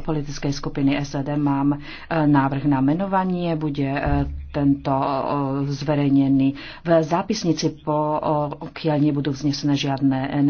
politickej skupiny SED mám e, návrh na menovanie. Bude e, tento e, zverejnený v zápisnici, pokiaľ nebudú vznesené žiadne